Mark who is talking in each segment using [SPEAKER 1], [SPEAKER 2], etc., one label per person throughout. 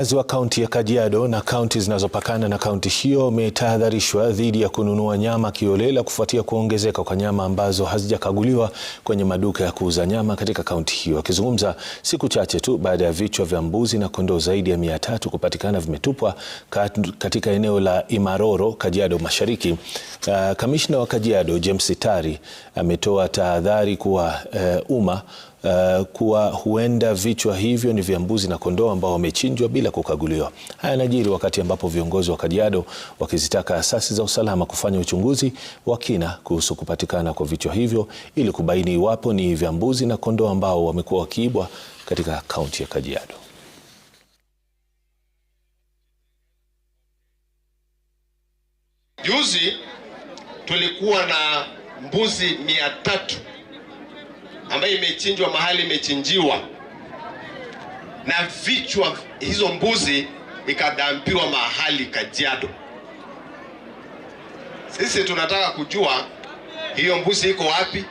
[SPEAKER 1] Wakazi wa kaunti ya Kajiado na kaunti zinazopakana na kaunti hiyo wametahadharishwa dhidi ya kununua nyama kiolela kufuatia kuongezeka kwa nyama ambazo hazijakaguliwa kwenye maduka ya kuuza nyama katika kaunti hiyo. Akizungumza siku chache tu baada ya vichwa vya mbuzi na kondoo zaidi ya mia tatu kupatikana vimetupwa katika eneo la Imaroro, Kajiado Mashariki, ah, kamishna uh, wa Kajiado James Tari ametoa tahadhari kuwa eh, umma uh, kuwa huenda vichwa hivyo ni vya mbuzi na kondoo ambao wamechinjwa bila kukaguliwa. Haya yanajiri wakati ambapo viongozi wa Kajiado wakizitaka asasi za usalama kufanya uchunguzi wa kina kuhusu kupatikana kwa vichwa hivyo ili kubaini iwapo ni vya mbuzi na kondoo ambao wamekuwa wakiibwa katika kaunti ya Kajiado.
[SPEAKER 2] Juzi tulikuwa na mbuzi mia tatu ambayo imechinjwa mahali imechinjiwa, na vichwa hizo mbuzi ikadampiwa mahali Kajiado. Sisi tunataka kujua hiyo mbuzi iko wapi,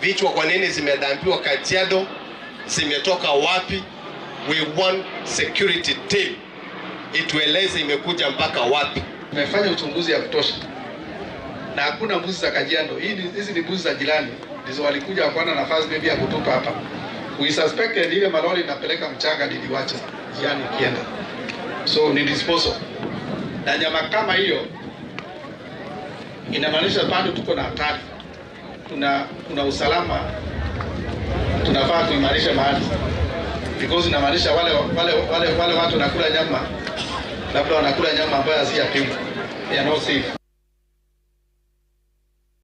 [SPEAKER 2] vichwa kwa nini zimedampiwa Kajiado, zimetoka wapi? We want security team itueleze imekuja mpaka wapi.
[SPEAKER 3] Tumefanya uchunguzi ya kutosha na hakuna mbuzi za Kajiado. Hizi ni mbuzi za jirani ndizo walikuja wakwana nafasi maybe ya kutupa hapa. We suspected ile malori inapeleka mchanga niliwacha jiani kienda, so ni disposal. Na nyama kama hiyo inamaanisha bado tuko na hatari, kuna kuna usalama tunafaa kuimarisha mahali because inamaanisha wale, wale, wale, wale watu wanakula nyama labda wanakula nyama ambayo hazijapimwa, they are safe.